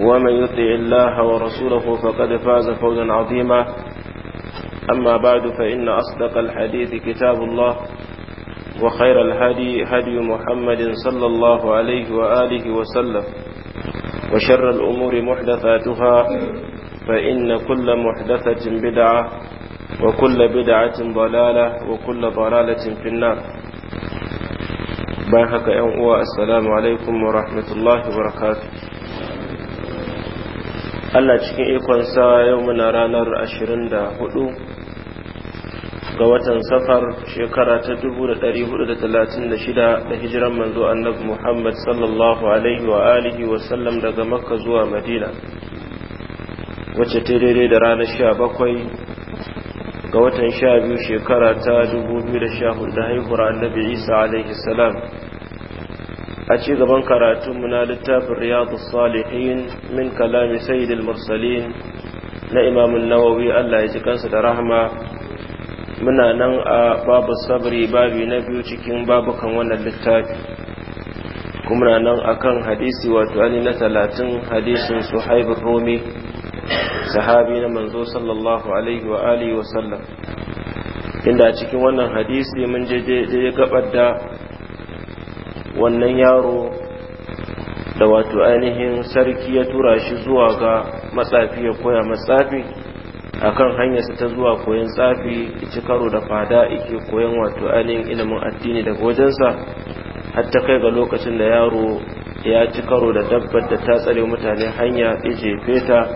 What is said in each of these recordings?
ومن يطع الله ورسوله فقد فاز فوزا عظيما أما بعد فإن أصدق الحديث كتاب الله وخير الهدي هدي محمد صلى الله عليه وآله وسلم وشر الأمور محدثاتها فإن كل محدثة بدعة وكل بدعة ضلالة وكل ضلالة في النار باهك أنقوى السلام عليكم ورحمة الله وبركاته Allah cikin ikonsa yau muna ranar 24 ga watan safar shekara ta 1436 da hijiran manzo annabi Muhammad sallallahu alaihi wa alihi wa sallam daga Makka zuwa Madina wacce ta daidai da ranar 17 ga watan 12 shekara ta 2014 da haihuwar annabi Isa alaihi salam a ci gaban karatunmu na littafin riyadu salihin min kalamin sayyidil mursalin na imamun nawawi allah ya ji kansa da rahama muna nan a babu sabri babi na biyu cikin babukan wannan littafi kuma nan akan hadisi wato ani na talatin hadisin suhaibin romi sahabi na manzo sallallahu alaihi wa wa sallam inda cikin wannan hadisi mun je gabar da wannan yaro da wato ainihin sarki ya tura shi zuwa ga matsafi ya koya matsafi akan hanyarsa ta zuwa koyon tsafi ci karo da fada ike koyon wato ainihin ilimin addini daga wajensa har ta kai ga lokacin da yaro ya ci karo da dabbar da ta tsare mutane hanya ya jefe ta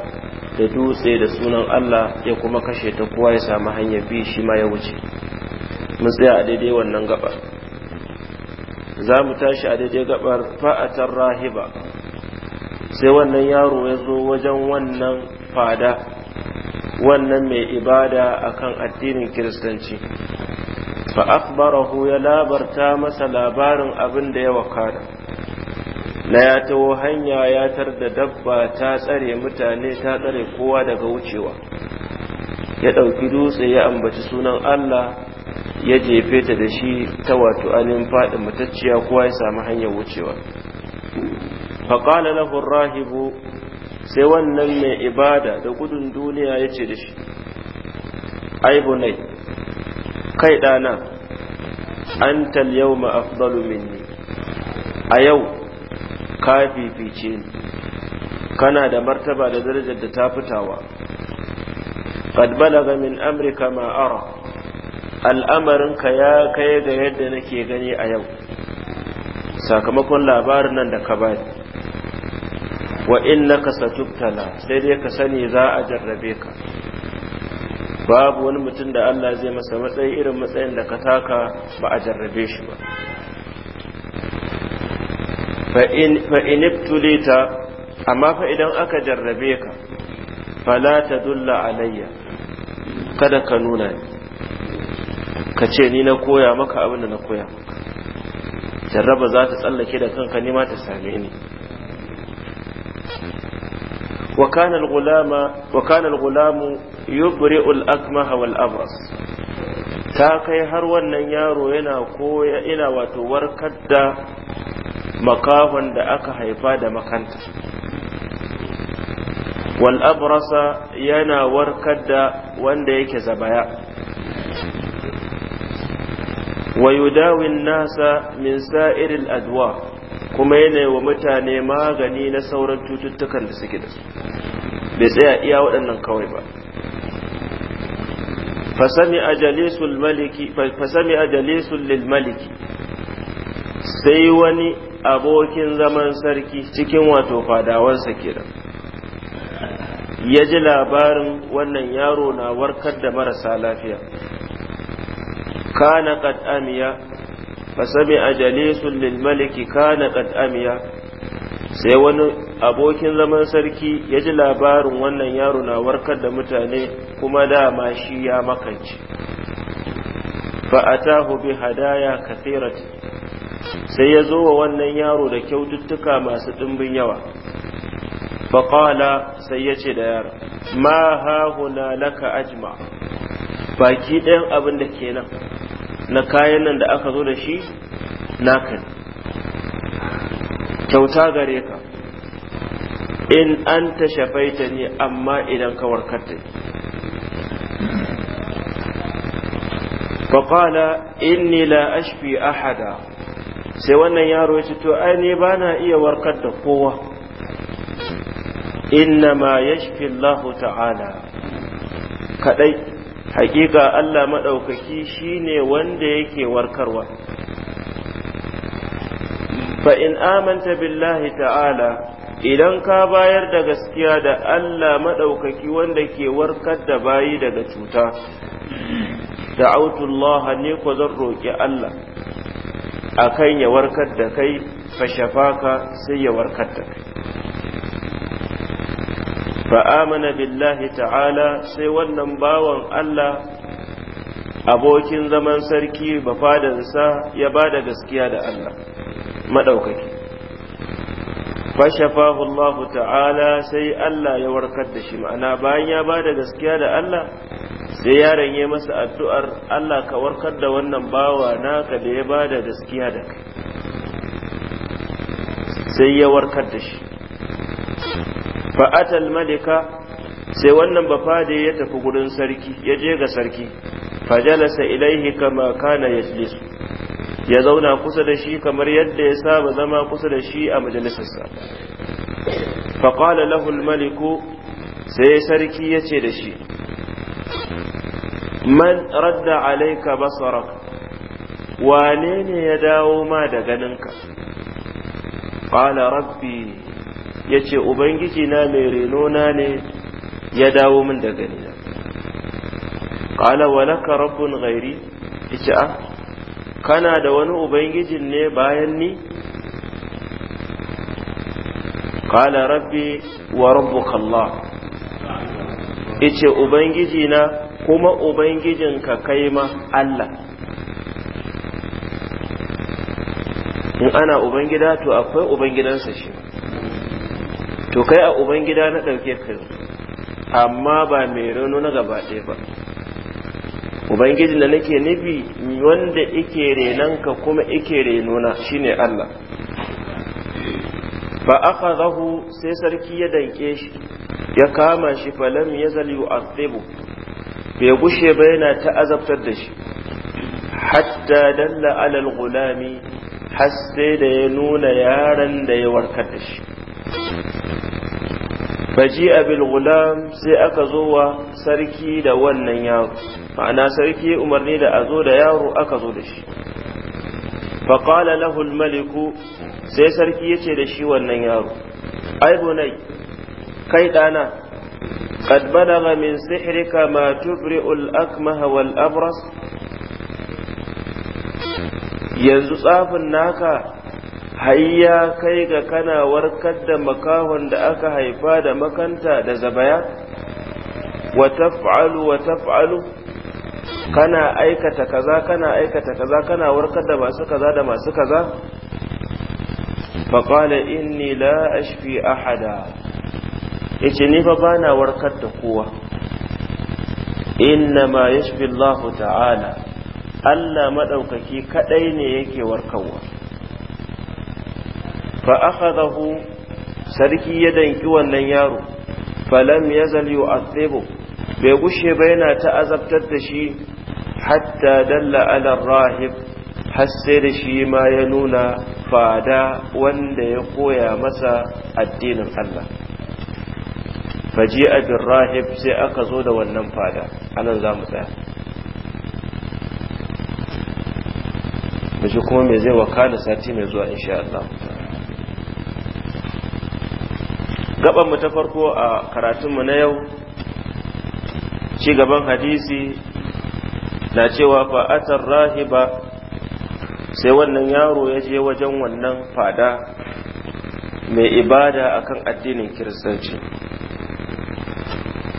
da dutse da sunan Allah ya kuma kashe ta kowa ya samu hanyar bi shi ma ya wuce mun tsaya a daidai wannan gaba za mu tashi a daidai gabar fa'atar rahiba sai wannan yaro ya zo wajen wannan fada wannan mai ibada a kan addinin kiristanci fa ya labarta masa labarin abin da ya wakana na ya taho hanya ya tar da dabba ta tsare mutane ta tsare kowa daga wucewa ya ɗauki dutse ya ambaci sunan Allah ya jefe ta da shi ta wato ainihin faɗin matacciya kowa ya sami hanyar wucewa faƙala lahu sai wannan mai ibada da gudun duniya ya ce da shi aibunai kai ɗana an yau ma'afdalu minni a yau ka fifice ni kana da martaba da darajar da ta fitawa qad balaga min amrika ma ara Al'amarin ka ya kai ga yadda nake gani a yau sakamakon labarin nan da ka bani wa innaka satubtala sai dai ka sani za a jarrabe ka babu wani mutum da Allah zai masa matsayi irin matsayin da ka taka ba a jarrabe shi ba fa inibtulita amma fa idan aka jarrabe ka fala ta dulla alayya kada ka nuna ni ka ce ni na koya maka abin da na koya jarraba za ta tsallake da kanka nima ta same ni wa kana al gulamu yubri al abras ta kai har wannan yaro yana koya ina wato warkar da makahon da aka haifa da makanta wal abrasa yana warkar da wanda yake zabaya wa yudawin nasa min sa'iril adwa kuma yana wa mutane magani na sauran cututtukan da suke da su bai tsaya iya waɗannan kawai ba fasami a jalisun maliki sai wani abokin zaman sarki cikin wato fadawansa kenan ya ji labarin wannan yaro na warkar da marasa lafiya kana qad amiya fasami'a jalisun lil maliki kana qad amiya sai wani abokin zaman sarki ya ji labarin wannan yaro na warkar da mutane kuma dama shi ya makance fa'atahu bi hadaya kathirat sai ya zo wa wannan yaro da kyaututtuka masu ɗimbin yawa faƙala sai ya ce da yara ma na laka ajma baki ɗayan abin da ke nan na kayan nan da aka zo da shi naka kyauta gare ka in an ta shafaita ne amma idan ka warkar da faƙala inni la ashfi ahada sai wannan yaro ya to ai ne ba na iya warkar da kowa inna ma yashfi ta'ala kaɗai hakika Allah maɗaukaki shine wanda yake warkarwa fa in amanta billahi ta'ala idan ka bayar da gaskiya da Allah maɗaukaki wanda ke warkar da bayi daga cuta da'autullaha ne ku zan roƙi Allah akan ya warkar da kai fa shafaka sai ya warkar da kai fa'amana billahi ta'ala sai wannan bawan Allah abokin zaman sarki sa ya bada gaskiya da Allah maɗaukaki fashafahu Allah ta'ala sai Allah ya warkar da shi ma'ana bayan ya bada gaskiya da Allah sai yaron ya masa addu'ar Allah ka warkar da wannan bawa naka da ya bada gaskiya da kai sai ya warkar da shi fa'atal malika sai wannan bafade ya tafi gurin sarki ya je ga sarki fajalasa ilaihi kama kana yajlisu ya zauna kusa da shi kamar yadda ya saba zama kusa da shi a majalisarsa faƙala lahul maliku sai sarki ya ce da shi man radda alaika basarak wane ne ya dawo ma da ganinka ƙala rabbi ya ce ubangiji na mai na ne ya dawo min da gani na ƙala walaka rabbun gairi ita a ah, kana da wani ubangijin ne bayan ni ƙala rabbi wa rabbu Allah ice ubangiji na kuma ubangijinka kai ma Allah in ana ubangida to akwai ubangidansa shi to kai a ubangida na ɗauke ka amma ba mai rano na gaba ɗaya ba ubangiji da nake nufi wanda ike ka kuma ike renona shine Allah a aka zahu sai sarki ya danke shi ya kama shi falam ya zali yu'azzibu bai gushe ba yana ta azabtar da shi hatta dalla alal gulami har sai da ya nuna yaran da ya warkar da shi faji abil gulam sai aka zo wa sarki da wannan yaro ma'ana sarki umarni da a zo da yaro aka zo da shi faƙala lahul maliku sai sarki ya ce da shi wannan yaro ai bunai kai ɗana qad balagha min sihrika ma tubri'ul akmaha wal abras yanzu tsafin naka hayya kai ga kana warkar da makahon da aka haifa da makanta da zabaya wa taf'alu wa taf'alu kana aikata kaza kana aikata kaza kana warkar da masu kaza da masu kaza qala inni la ashfi ahada yace ni fa bana warkar da kowa inna ma yashfi Allah ta'ala Allah maɗaukaki kaɗai ne yake warkarwa fa akhadahu sarki ya danki wannan yaro falam yazal yu'athibu bai gushe ba yana ta azabtar da shi hatta dalla ala rahib har sai da shi ma ya nuna fada wanda ya koya masa addinin Allah faji abin rahib sai aka zo da wannan fada anan za mu tsaya da shi kuma mai zai wakana sati mai zuwa insha Allah gaban mu ta farko a karatunmu na yau ci gaban hadisi na cewa fa'atar rahiba sai wannan yaro ya je wajen wannan fada mai ibada akan addinin kiristanci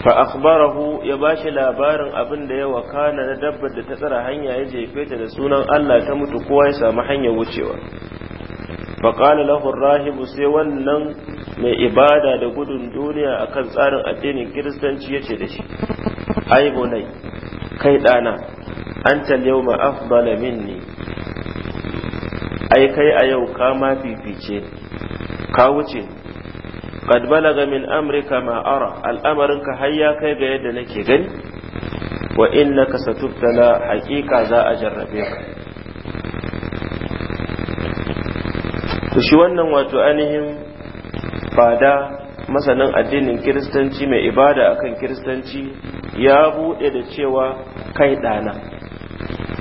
fa'akbarahu ya bashi labarin abin da ya wakana na dabbar da ta tsara hanya ya jefe ta da sunan Allah ta mutu kowa ya samu hanyar wucewa faƙali lahun rahibu sai wannan mai ibada da gudun duniya akan tsarin addinin kiristanci yace da shi ai bunai kai dana anta al ma'af balamin ne. ai kai a yau ka ma fifice ka wuce qad balaga min amrika ma ara al'amarin ka har ya kai ga yadda nake gani wa innaka satubtala haqiqa za a jarrabe ka to shi wannan wato ainihin fada masanin addinin kiristanci mai ibada akan kiristanci ya bude da cewa kai ɗana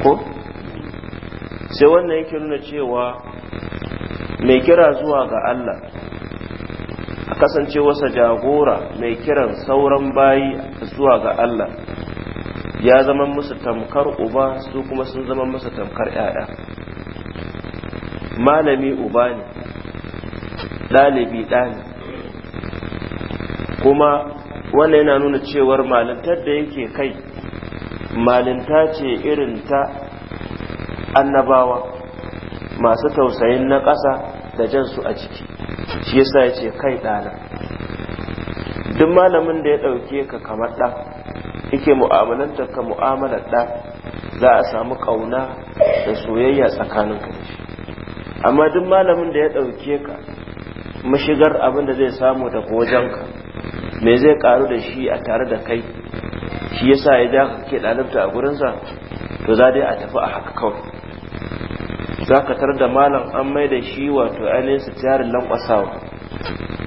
ko sai wannan yake nuna cewa mai kira zuwa ga Allah a kasance wasa jagora mai kiran sauran bayi zuwa ga Allah ya zama musu tamkar uba su kuma sun zama musu tamkar 'ya'ya malami uba ne ɗalibi ne kuma wannan yana nuna cewar malintar da yake kai malinta ce irin ta annabawa masu tausayin na ƙasa da jan su a ciki shi yasa ya ce kai ɗana duk malamin da ya ɗauke ka kamar ɗa yake mu'amalantar ka mu'amalar ɗa za a samu ƙauna da soyayya tsakanin ka da amma duk malamin da ya ɗauke ka mashigar abin da zai samu daga wajenka me zai karu da shi a tare da kai shi yasa ya ja ka ke ɗalibta a gurinsa to za dai a tafi a haka kawai za ka tar da malam an mai da shi wato ainihin su tiyarin lankwasawa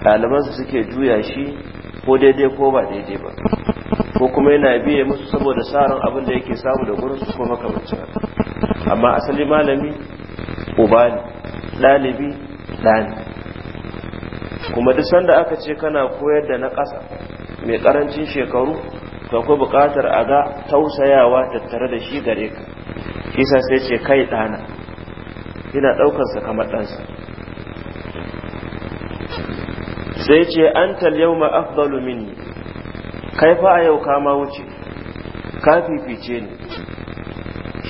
ɗalibansu suke juya shi ko daidai ko ba daidai ba ko kuma yana biye musu saboda sarin abin da yake samu da gurin su kuma makamancin amma asali malami uba ne ɗalibi ɗani kuma duk sanda aka ce kana koyar da na ƙasa mai ƙarancin shekaru ka ku buƙatar a ga tausayawa tattare da shi gare ka isa sai ce kai ɗana ina sa kamar ɗansa sai ce an talyau ma afdalu minni kai fa a yau kama wuce ka fifice ni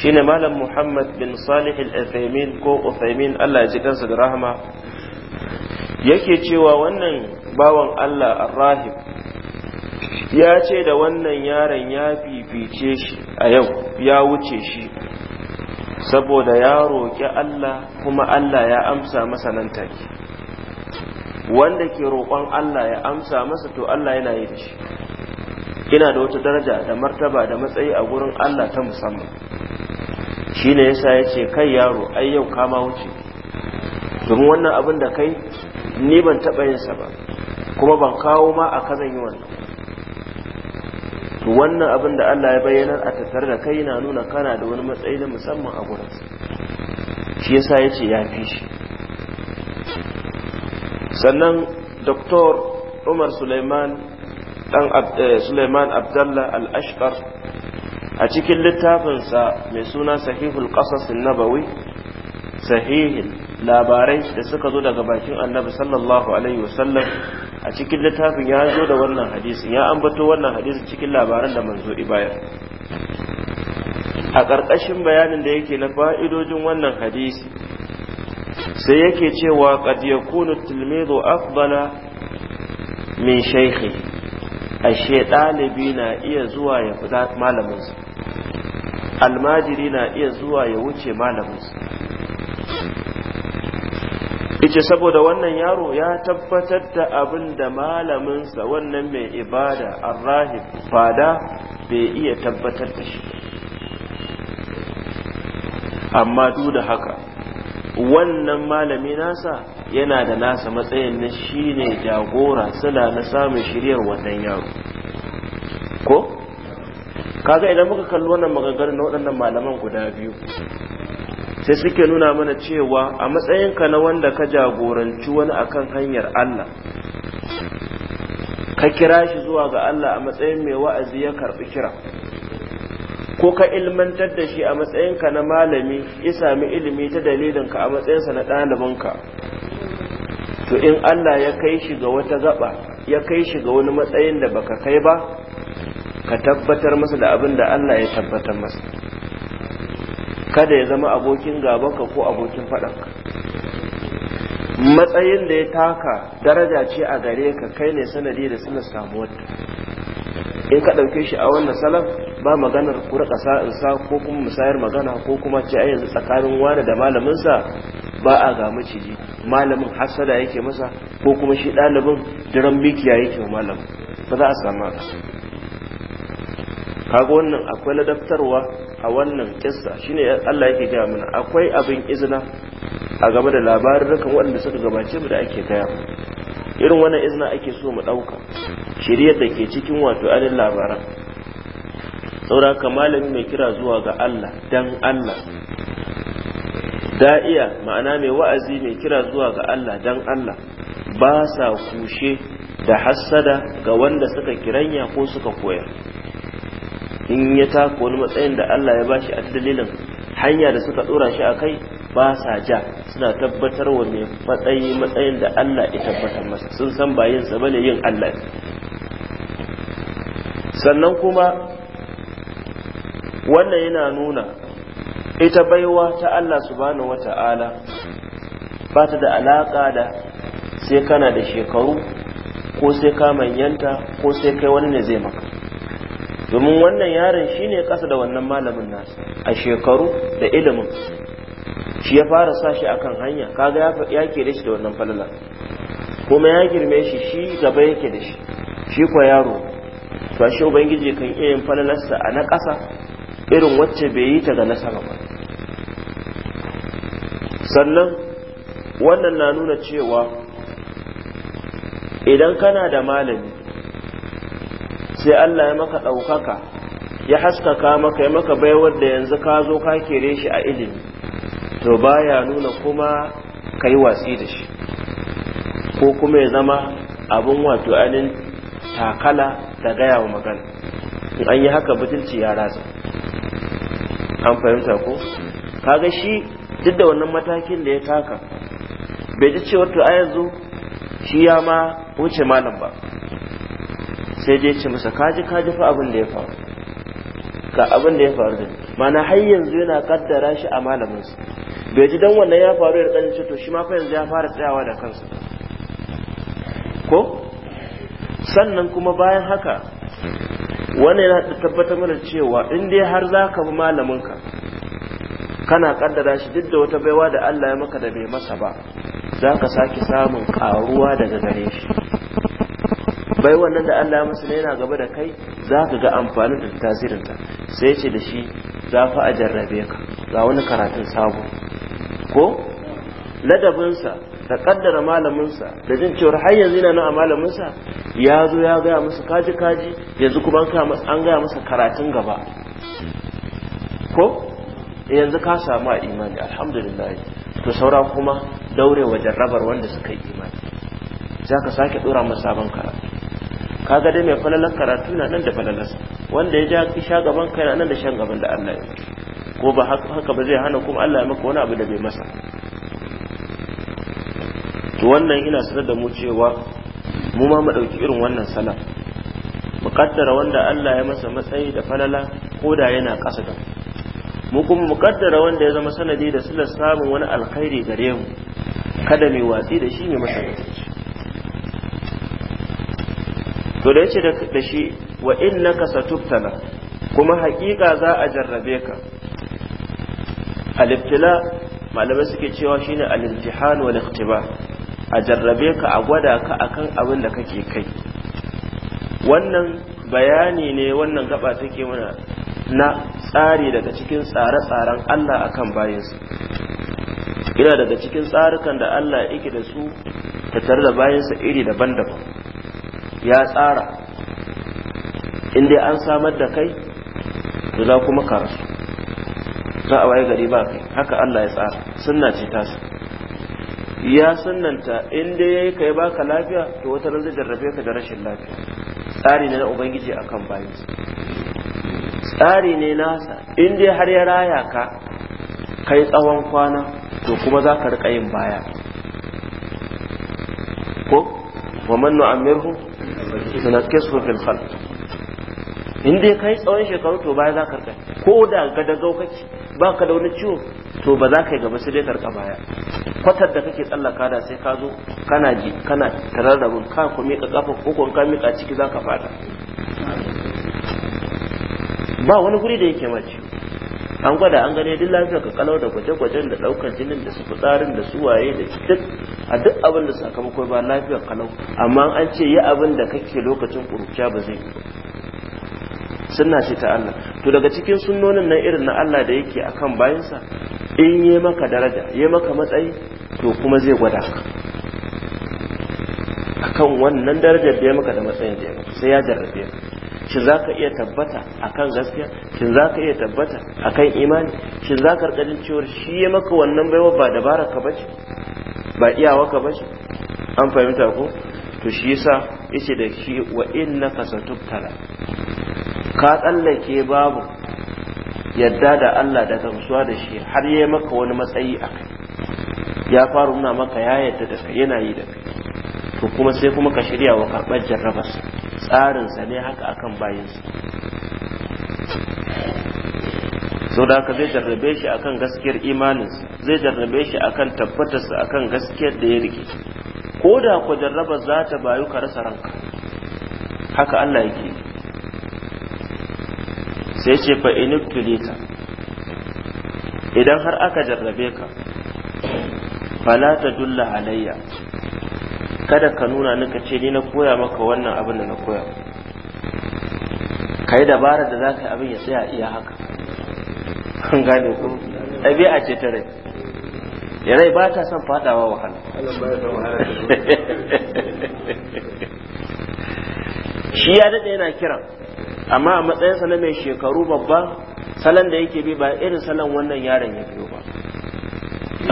shine malam muhammad bin salih al-uthaymin ko uthaymin Allah ya ji kansa da rahama yake cewa wannan bawan Allah arrahim ya ce da wannan yaron ya fifice shi a yau ya wuce shi saboda ya roƙi Allah kuma Allah ya amsa masa nan take wanda ke roƙon Allah ya amsa masa to Allah yana yi da shi ina da wata daraja da martaba da matsayi a gurin Allah ta musamman shine yasa yace kai yaro ai yau kama wuce domin wannan abin da kai ni ban taɓa yinsa ba kuma ban kawo ma a kazan yi wannan to wannan abin da Allah ya bayyana a tattare da kai na nuna kana da wani matsayi na musamman a gurin shi yasa ya ce ya fi shi sannan doktor umar suleiman dan eh, suleiman abdallah al-ashqar a cikin littafinsa mai suna sahihul qasas an-nabawi sahihul labarai da suka zo daga bakin annabi sallallahu alaihi wasallam a cikin littafin ya zo da wannan hadisin ya ambato wannan hadisin cikin labaran da manzo ibayar a ƙarƙashin bayanin da yake na fa'idojin wannan hadisi sai yake cewa qad yakunu tilmidu afdala min shaykhi ashe ɗalibi na iya zuwa ya fita malaminsa almajiri na iya zuwa ya wuce malaminsu. ice saboda wannan yaro ya tabbatar da abin da malaminsa wannan mai ibada arahi, fada bai iya tabbatar da shi amma duk da haka wannan malami nasa yana da nasa matsayin na shi ne jagora suna na samun shiryar wannan yaro ko kaga idan muka kalli wannan maganganun na waɗannan malaman guda biyu sai suke nuna mana cewa a matsayinka na wanda ka jagoranci wani akan hanyar Allah ka kira shi zuwa ga Allah a matsayin mai wa'azi ya karɓi kira ko ka ilmantar da shi a matsayinka na malami ya sami ilimi ta dalilinka a matsayinsa na ɗalibinka to in Allah ya kai shi ga wata gaba ya kai shi ga wani matsayin da baka kai ba ka tabbatar masa da abin da Allah ya tabbatar masa kada ya zama abokin gabanka ko abokin faɗanka matsayin da ya taka daraja ce a gare ka kai ne sanadi da suna samuwar in ka ɗauke shi a wannan salaf ba maganar kura rika in sa ko kuma musayar magana ko kuma ce yanzu tsakanin wani da malaminsa ba a ga maciji malamin hasada yake masa ko kuma shi ɗalibin jiran mikiya yake wa malamin ba za a samu a kaga wannan akwai ladabtarwa a wannan kissa shine Allah yake gaya mana akwai abin izina a game da labarin labarukan waɗanda suka gabace mu da ake gaya irin wannan izina ake so mu ɗauka shirye da ke cikin wato alin labaran saura ka malami mai kira zuwa ga Allah dan Allah da'iya ma'ana mai wa'azi mai kira zuwa ga Allah dan Allah ba sa kushe da hassada ga wanda suka kiranya ko suka koyar in ya taka wani matsayin da Allah ya bashi a dalilin hanya da suka dora shi a kai ba sa ja suna tabbatar wa mai matsayi matsayin da Allah ya tabbatar masa sun san ba sa bane yin Allah sannan kuma wannan yana nuna ita baiwa ta Allah subhanahu wata'ala ba ta da alaka da sai kana da shekaru ko sai ka manyanta ko sai kai wani ne zai maka domin wannan yaron shine kasa da wannan malamin nasu. a shekaru da ilimin shi ya fara sa shi akan hanya kaga ya ke da shi da wannan falala kuma ya girme shi shi gaba yake da shi shi kwa yaro ba shi ubangiji kan iya yin falalarsa a na kasa? irin wacce bai yi ta ga nasara ba sannan wannan na nuna cewa idan kana da malami sai Allah ya maka ɗaukaka ya haskaka maka ya maka baiwar da yanzu ka zo ka kere shi a ilimi to baya nuna kuma ka yi watsi da shi ko kuma ya zama abin wato anin takala da gaya wa magana in an yi haka butulci ya ratsa an fahimta ko kaga shi duk da wannan matakin da ya taka bai ji cewa to a yanzu shi ya ma wuce malam ba sai dai ce masa kaji kaji fa abin da ya faru ga abin da ya faru da mana har yanzu yana kaddara shi a malaminsa bai ji dan wannan ya faru da ɗan to shi ma fa yanzu ya fara tsayawa da kansa ko sannan kuma bayan haka wannan yana tabbatar mana cewa in dai har za ka bi malaminka kana kaddara shi duk da wata baiwa da Allah ya maka da bai masa ba za ka sake samun karuwa daga gare shi bai wannan da Allah masa ne yana gaba da kai za ka ga amfanin da tasirinta sai ce da shi za fa a jarrabe ka ga wani karatun sabo ko ladabinsa da kaddara malaminsa da jin cewar har yanzu yana nan a malaminsa ya zo ya gaya masa kaji kaji yanzu kuma an gaya masa karatun gaba ko yanzu ka samu a imani alhamdulillah to saura kuma daure wa jarrabar wanda suka yi imani za ka sake dora masa sabon karatu kaga dai mai falalar karatu na nan da falalarsa wanda ya ja ki sha gaban kai na nan da shan gaban da Allah ya ko ba haka ba zai hana kuma Allah ya maka wani abu da bai masa to wannan ina sanar da mu cewa mu ma mu ɗauki irin wannan sala mu kaddara wanda Allah ya masa matsayi da falala ko da yana kasa da mu kuma mu kaddara wanda ya zama sanadi da silar samun wani alkhairi gare mu kada mai watsi da shi ne masa mutunci to da yace da shi wa innaka satubtana kuma hakika za a jarrabe ka al-ibtila malamai suke cewa shine al-imtihan wal ikhtibar a jarrabe ka a gwada ka akan abin da kake kai wannan bayani ne wannan gaba take mana na tsari daga cikin tsare-tsaren Allah akan bayansa ina daga cikin tsarukan da Allah yake da su tare da bayansa iri daban-daban ya tsara in dai an samar da kai to za kuma ka rasu za a waye gari ba kai haka Allah ya tsara sunna ce su ya sunnanta in dai yayi kai baka lafiya to wata ran zai jarrabe ka da rashin lafiya tsari ne na ubangiji akan su. tsari ne nasa in dai har ya raya ka kai tsawon kwana to kuma za ka riƙa yin baya ko wa man nu'ammirhu sanakkisu fil khalq in dai kai tsawon shekaru to baya za ka karka ko da ga da kake ba ka da wani ciwo to ba za ka yi gaba sai dai karka baya kwatar da kake tsallaka da sai ka zo kana ji kana tarar da ka ku mika kafa ko ka mika ciki za ka fada ba wani guri da yake ma ciwo an gwada an gane duk lafiya ka kalau da gwaje-gwajen da daukar jinin da su fitsarin da su waye da duk a duk abin da sakamakon ba lafiyar kalau amma an ce yi abin da kake lokacin kurciya ba zai sunna ce ta Allah to daga cikin sunnonin nan irin na Allah da yake akan bayansa in yi maka daraja yi maka matsayi to kuma zai gwada ka akan wannan darajar da ya maka da matsayin da ya sai ya jarrabe shin za ka iya tabbata akan gaskiya shin za ka iya tabbata akan imani shin za ka rikadin cewar shi ya maka wannan baiwa ba dabara ka bace ba iyawa ka bace an fahimta ko to shi yasa yace da shi wa innaka tuttala. ka tsallake babu yadda da Allah da gamsuwa da shi har ya maka wani matsayi a kai ya faru na maka ya yadda da kai yana yi da kai to kuma sai kuma ka shirya wa karɓar jarrabar tsarinsa ne haka akan bayinsa sau da haka zai jarrabe shi akan gaskiyar imaninsa zai jarrabe shi akan tabbatarsa akan gaskiyar da ya rike ko da ku jarraba za ta bayu ka rasa ranka haka Allah yake sai ce fa inuktulita idan har aka jarrabe ka fala ta dulla alayya kada ka nuna ni ka ce ni na koya maka wannan abin da na koya ka yi dabara da za ka yi abin ya tsaya iya haka an gane ku ɗabi'a ce ta rai ya rai ba ta son fadawa wahala shi ya daɗe yana kiran amma a matsayinsa na mai shekaru babba salon da yake bi ba irin salon wannan yaron ya biyo ba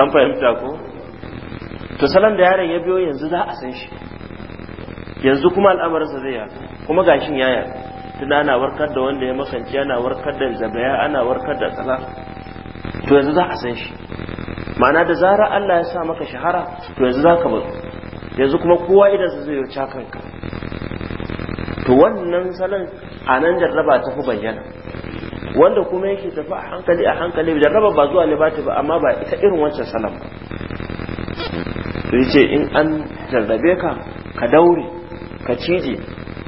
an fahimta ko to salon da yaron ya biyo yanzu za a san shi yanzu kuma al'amarinsa zai yaku kuma gashin ya yaku tunda ana warkar da wanda ya makanci ana warkar da zabaya ana warkar da tsala to yanzu za a san shi ma'ana da zarar Allah ya sa maka shahara to yanzu za ka bazu yanzu kuma kowa idan su zai wuce kanka to wannan salon a nan jarraba ta fi bayyana wanda kuma yake tafi a hankali a hankali jarraba ba zuwa ne ba ta ba amma ba ita irin wancan salon ba to ce in an jarrabe ka ka daure ka cije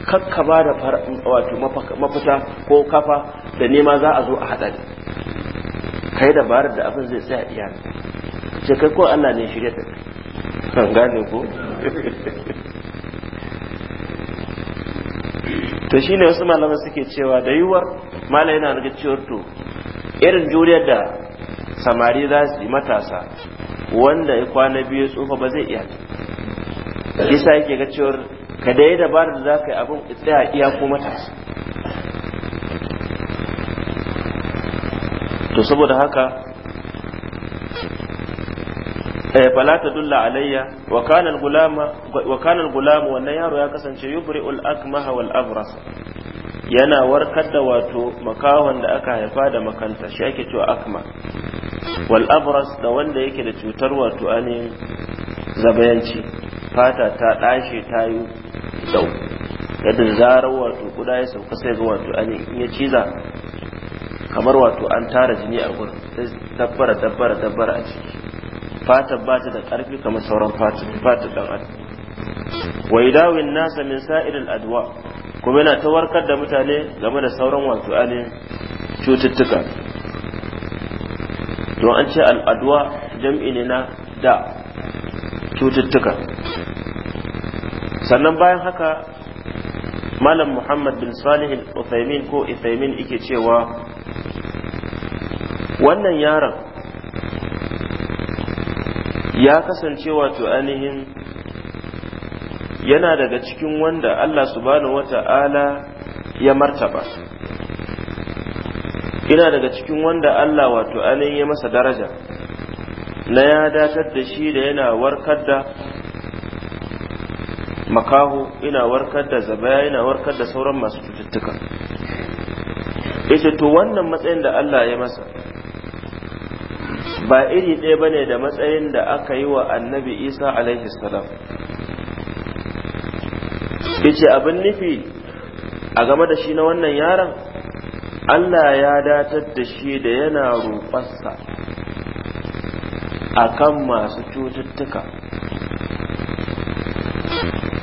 kakka ba da wato mafita ko kafa da nema za a zo a haɗa ne kai dabarar da abin zai tsaya iya ce kai ko Allah ne shirya ta kan gane ko to shine wasu malamai suke cewa da yiwuwar mala yana daga to irin juriyar da samari za su yi matasa wanda ya kwana biyu ya tsufa ba zai iya yasa yake ga cewar ka da dabarar da za ka yi abin tsaya iya ko matasa to saboda haka eh, fala ta dulla alayya wa Kanar gulama wannan yaro ya kasance yubri'ul akmaha wal abras yana warkar da wato makahon da aka haifa da makanta shi ake cewa akma wal abras da wanda yake da cutar wato ainihin zabayanci fata ta ɗashe ta yi dau yadda zarar wato kuda ya sauka sai ga wato ainihin in ya ciza kamar wato an tara jini a gurin sai dabbara dabbara dabbara a ciki Fata ba ta da ƙarfi kamar sauran fata dan adam wa idawin nasa min sa'iril adwa kuma yana ta warkar da mutane game da sauran wato ainihin cututtuka to an ce al'adwa jam'i ne na da cututtuka sannan bayan haka malam muhammad bin salih uthaymin ko uthaymin ike cewa wannan yaron ya kasance wato ainihin yana daga cikin wanda allah subhanahu wata'ala ya martaba ina daga cikin wanda Allah wato anin ya masa daraja na ya datar da shi da yana warkar da makaho ina warkar da zabaya ina warkar da sauran masu cututtuka ita to wannan matsayin da Allah ya masa ba iri ɗaya bane da matsayin da aka yi wa annabi isa alaihi salam ita abin nufi a game da shi na wannan yaron Allah ya datar da shi da yana roƙonsa a kan masu cututtuka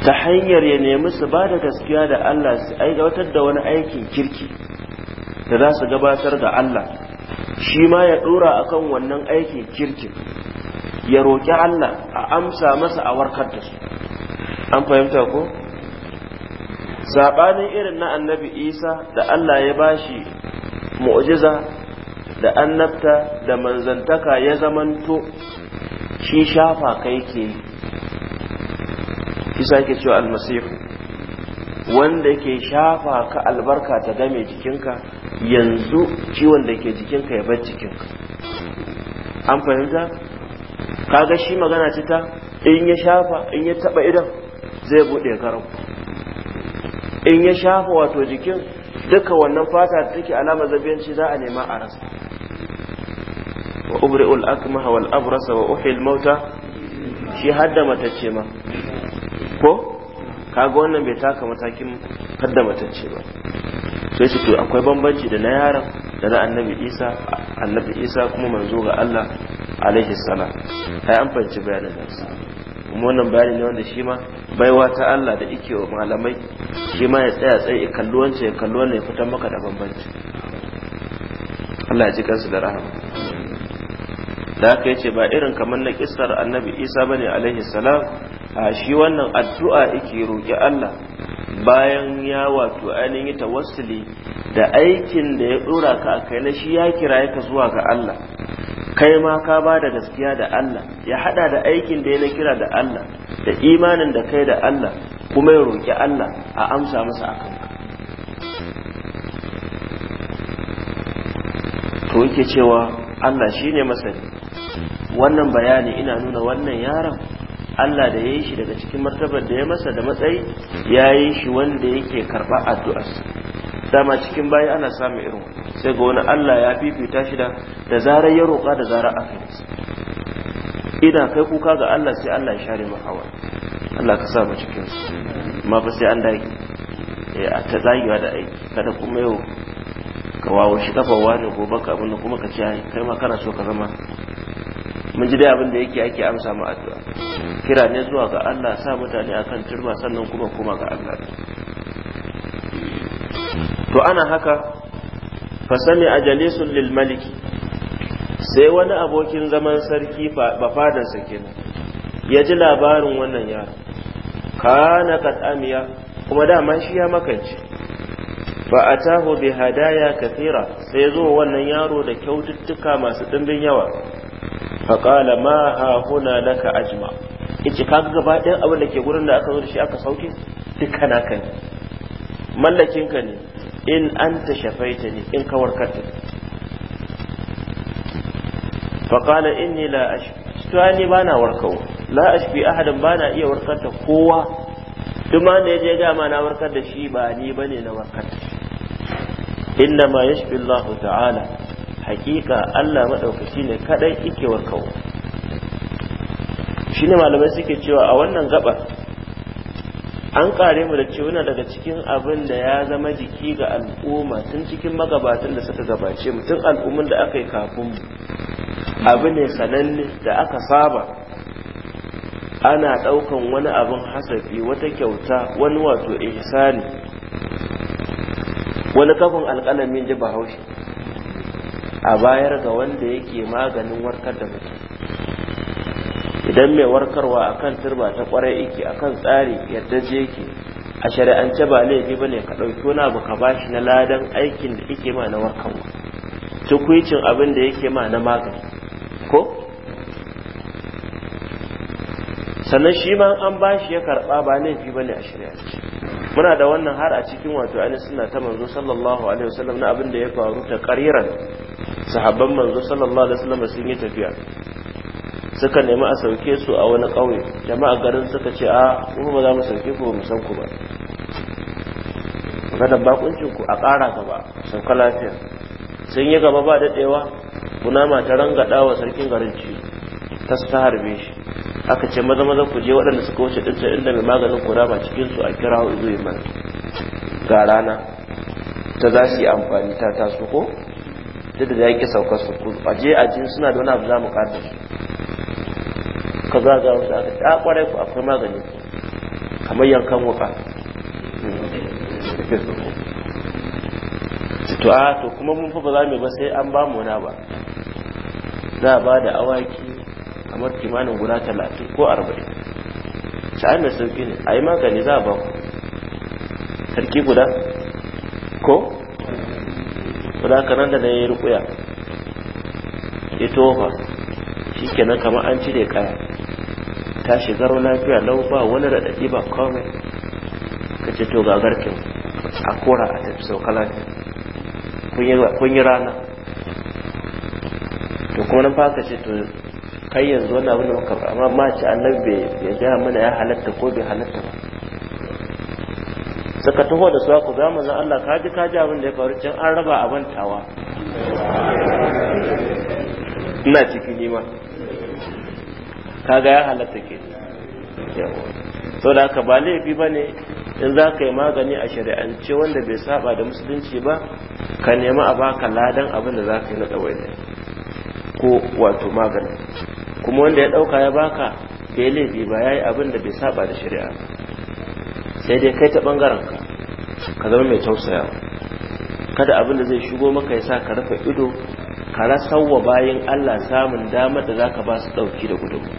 ta hanyar ya nemi su ba da gaskiya da Allah su aiwatar da wani aikin kirki da za su gabatar ga Allah shi ma ya ɗora akan wannan aikin kirkin ya roƙi Allah a amsa masa a warkar da su an fahimta ko? saɓanin irin na annabi isa da allah ya bashi mu'jiza da annabta da manzantaka ya zamanto shi shafa kai ke isa ke cewa almasihu wanda ke shafa ka albarka ta game jikinka yanzu ciwon da ke jikinka ya bar jikinka an fahimta kaga shi magana cita in ya shafa in ya taba idan zai bude karanku in ya shafa wato jikin duka wannan fata da take alamar zabiyanci za a nema a rasa wa ubri'ul akmaha wal abrasa wa uhil mauta shi hadda matacce ma ko kaga wannan bai taka matakin hadda matacce ba sai su to akwai bambanci da na yaron da na annabi isa annabi isa kuma manzo ga Allah alaihi salam ai an fahimci bayanin nasa kuma wannan bayani ne wanda shi ma baiwa ta Allah da ike malamai shi ma ya tsaya tsaye ya kalli wancan ya kalli ya fitar maka da bambanci Allah ya ji kansu da rahama da haka yace ba irin kamar na kissar annabi Isa bane alaihi salam a shi wannan addu'a yake roki Allah bayan ya wato ainihin tawassuli da aikin da ya dora ka kai na shi ya kira ka zuwa ga Allah kai ma ka ba da gaskiya da Allah ya hada da aikin da ya na kira da Allah da imanin da kai da Allah kuma ya roƙi Allah a amsa masa akan to yake cewa Allah shine masani wannan bayani ina nuna wannan yaron Allah da ya yi shi daga cikin martabar da ya masa da matsayi ya yi shi wanda yake karɓa addu'arsa dama cikin bayi ana samun irin sai ga wani Allah ya fifita shi da da zarar ya roƙa da zarar aka yi ina kai kuka ga Allah sai Allah ya share maka wani Allah ka sa mu cikin su amma fa sai an dage eh, a ta zagewa da aiki kada kuma yau ka wawo shi kafa wani gobe ka abin kuma ka ce kai ma kana so ka zama mun ji dai abin da yake ake amsa mu addu'a kira ne zuwa ga Allah sa mutane akan turba sannan kuma kuma ga Allah to ana haka fasami a jalisun lilmaliki. sai wani abokin zaman sarki ba bafadansa kenan ya ji labarin wannan yaro kana kat'amiya kuma dama shi ya makance fa atahu bi hadaya kafira, sai zo wannan yaro da kyaututtuka masu ɗimbin yawa fa qala ma ha huna laka ajma ice kaga gaba ɗayan abin da ke gurin da aka zo da shi aka sauke duka naka ne mallakinka ne in an ta shafaita ne in ka warkar da faƙala in ni la tuwa ne ba na warkawa la ashfi ahadan ba na iya warkar ta kowa duma da ya je gama na warkar da shi ba ni ba ne na warkar ta. inna ma yashfi Allah ta'ala hakika Allah maɗaukaci ne kadai yake warkawa ne malamai suke cewa a wannan gabar an kare mu da cewa daga cikin abin da ya zama jiki ga al'umma tun cikin magabatan da suka gabace mu tun al'umman da aka yi kafin mu abu ne sananne da aka saba ana ɗaukan wani abin hasafi wata kyauta wani wato ihsani wani kafin alƙalamin ji bahaushe a bayar ga wanda yake maganin warkar da mutum idan mai warkarwa akan turba ta kwarai iki akan tsari yadda je ke a shari'ance ba laifi bane ka ɗauki wani abu ka bashi na ladan aikin da yake ma na warkarwa tukwicin abin da yake ma na magani ko sannan shi ma an bashi ya karɓa ba laifi bane a shari'ance muna da wannan har a cikin wato ainihin suna ta manzo sallallahu alaihi wasallam na abin da ya faru ta ƙariran sahabban manzo sallallahu alaihi wasallam sun yi tafiya suka nemi a sauke su a wani ƙauye jama'a garin suka ce a ah, kuma ba za mu sauke ku mu san ku ba da bakuncin ku a ƙara gaba sauka lafiya sun yi gaba ba daɗewa kunama ta rangada wa sarkin garin ci ta ta harbe shi aka ce maza maza ku je waɗanda suka wuce ɗin inda mai maganin kunama cikin su a kira hu zuwa mana ga rana ta za su yi amfani ta taso ko duk da ya ƙi sauka su ku aje aje suna da wani abu za mu ƙarfa su suka zaga wasu aka ta kwarai ku akwai magani kamar yankan wuka to a to kuma mun fi ba za mu ba sai an ba mu na ba za a ba da awaki kamar kimanin guda talatin ko arba'in sha'ai mai sauki ne a yi magani za a ba ku sarki guda ko guda kanan da na yi rukuya ya tofa shi kenan kamar an cire kaya ta zaro lafiya lau ba wani raɗaɗi ba kome ka ce to ga garkin a kora a tafi sauka lafiya kun yi rana to kuma nan fa ka ce to kai yanzu wani abin da muka ba amma ma ci annabi bai gaya mana ya halatta ko bai halatta ba suka taho da suwa ku za mu zan Allah kaji kaji abin da ya faru can an raba abin tawa ina ciki nima kaga ya halatta ke to da haka ba laifi ba ne in za ka yi magani a shari'ance wanda bai saba da musulunci ba ka nemi a baka ladan abin da za ka yi na ne, ko wato magani. kuma wanda ya ɗauka ya baka bai laifi ba ya yi abin da bai saba da shari'a sai dai kai ta ɓangaren ka ka zama mai tausaya. kada abin da zai shigo maka ya sa ka rufe ido ka wa bayan allah samun damar da za ka ba su ɗauki da gudunmu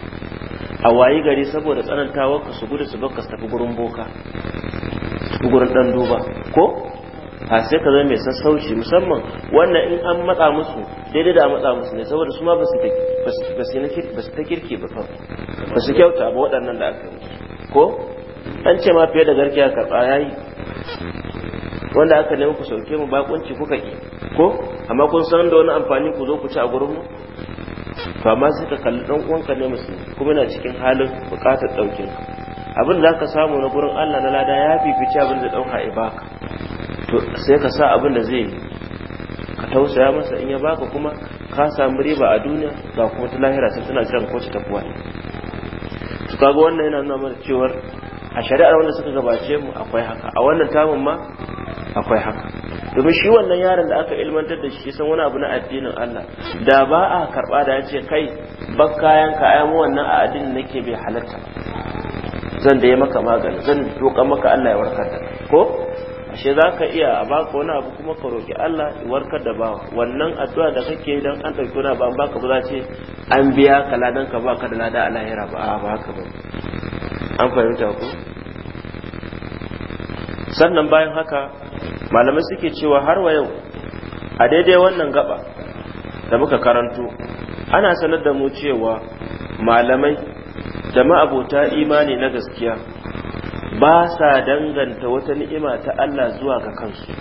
a wayi gari saboda tsanantawar ka su gudu su bakka su tafi gurin boka su gurin dan duba ko a sai ka zama mai sassauci musamman wannan in an matsa musu daidai da a matsa musu ne saboda su ma ba su ta kirki ba fa ba su kyauta ba waɗannan da aka yi ko an ce ma fiye da garki a karɓa ya yi wanda aka nemi ku sauke mu bakunci kuka ki ko amma kun san da wani amfani ku zo ku ci a gurin mu to amma sai ka kalli dan uwanka ne musulmi kuma yana cikin halin bukatar daukin ka abin da ka samu na gurin Allah na lada ya fice abin da dauka ya baka to sai ka sa abin da zai ka tausaya masa in ya baka kuma ka samu riba a duniya ga kuma ta lahira sai tana jiran ko ta kuwa to kaga wannan yana nuna mana cewa a shari'ar wanda suka gabace mu akwai haka a wannan tamun ma akwai haka domin shi wannan yaron da aka ilmantar da shi san wani abu na addinin Allah da ba a karba da yace kai bak kayan ka wannan a addinin nake bai halatta zan da yi maka magani zan roƙa maka Allah ya warkar da ko ashe za iya a baka wani abu kuma ka roki Allah ya warkar da ba, wannan addu'a da kake dan an ɗauki wani ba an baka ba za ce an biya ka ladan ka baka da lada a lahira ba a ba haka ba an fahimta ku sannan bayan haka malamai suke cewa har wa yau a daidai wannan gaba da muka karanto ana sanar da mu cewa malamai da ma'abota imani na gaskiya ba sa danganta wata ni'ima ta Allah zuwa ga kansu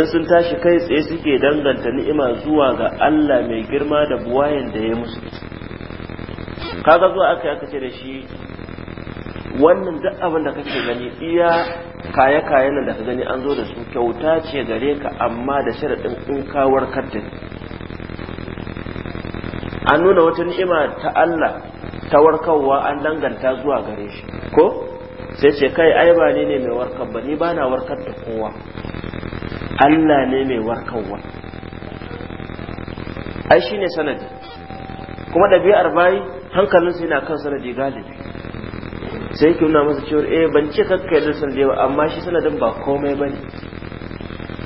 in sun tashi kai tsaye suke danganta ni'ima zuwa ga Allah mai girma da buwayen da ya musu kaga zuwa aka yi aka ce da shi wannan duk abin da kake gani iya kaye kayen da ka gani an zo da su kyauta ce gare ka amma da sharaɗin in ka warkar an nuna wata ni'ima ta Allah ta warkarwa an danganta zuwa gare shi ko sai ce kai ai ba ne mai warkar ba ni ba na warkar da kowa Allah ne mai warkarwa ai ne sanadi kuma ɗabi'ar bayi hankalinsa yana kan sanadi galibi sai ki nuna masa cewa eh ban ce kakka yadda sun da amma shi sanadin ba komai ba ne.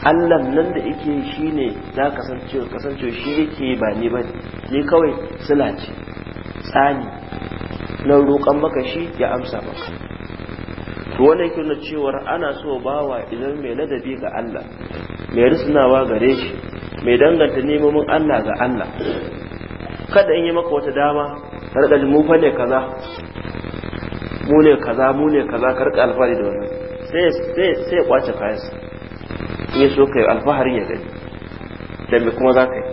Allah nan da yake shi ne za ka kasance shi yake ba ni ne, ni kawai sila ce tsani na roƙon maka shi ya amsa maka to wannan yake nuna cewa ana so bawa idan mai ladabi ga Allah mai risnawa gare shi mai danganta nemomin Allah ga Allah kada in yi maka wata dama rada mu fa ne kaza mu ne kaza mu ne kaza karka alfahari da wannan sai sai kwace kayansa in ya so ka yi alfahari ya gani da me kuma za ka yi